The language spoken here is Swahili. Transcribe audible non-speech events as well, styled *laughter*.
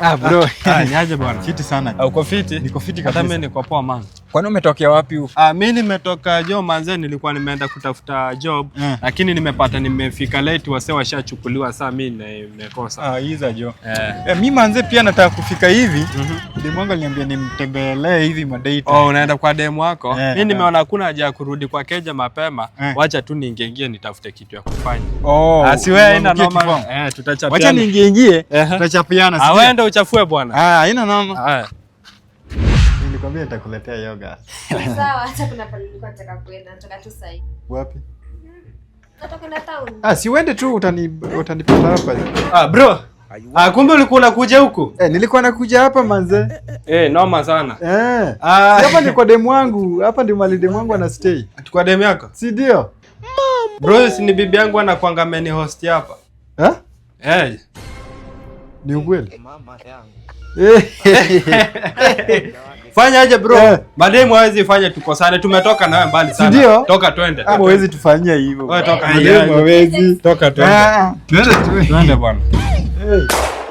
Ah bro, *laughs* ah, niaje bwana? Fiti sana. Au ah, uko fiti? Niko fiti kabisa. Hata mimi niko poa man. Kwani umetokea wapi huko? Ah, mimi nimetoka manze nilikuwa nimeenda kutafuta job yeah. Lakini nimepata nimefika late, wase washachukuliwa saa mimi nimekosa. Ah, hizo jo. Eh. eh, mimi manze pia nataka kufika hivi. Mm demu wangu aliniambia nimtembelee hivi madate. Oh, unaenda kwa demu wako? Yeah, mimi nimeona hakuna haja ya kurudi kwa Keja mapema. Yeah. Wacha tu niingeingie nitafute kitu ya kufanya. Oh. Asi ah, wewe haina noma. Eh, tutachapiana. Wacha niingeingie, eh. tutachapiana. Ah, wewe ndio uchafue bwana. Ah, haina noma. Ah. Nilikwambia nitakuletea yoga. *laughs* Sawa, hata kuna pale nilikuwa nataka kwenda, nataka tu sai. Wapi? Nataka kwenda town. Ah, si uende tu utani utanipata hapa. Ah, bro. Ah, kumbe ulikuwa unakuja huko? Eh, nilikuwa nakuja hapa manze. Eh, noma sana. Eh. Ah, hapa ni kwa demu wangu. Hapa ndio mali demu wangu ana stay. Atukwa demu yako? Si ndio? Bro, si ni bibi yangu anakuanga ameni host hapa. Eh? Eh. Ni ukweli? Eh, mama yangu. Eh. *laughs* Fanya aje bro. Yeah. Mademu hawezi fanya tukosane. Tumetoka na wewe mbali sana. Ndio? Toka twende. Hapo ah, hawezi tufanyia hivyo. Wewe toka. Mademu hawezi. Toka ah. twende. Twende twende bwana. এই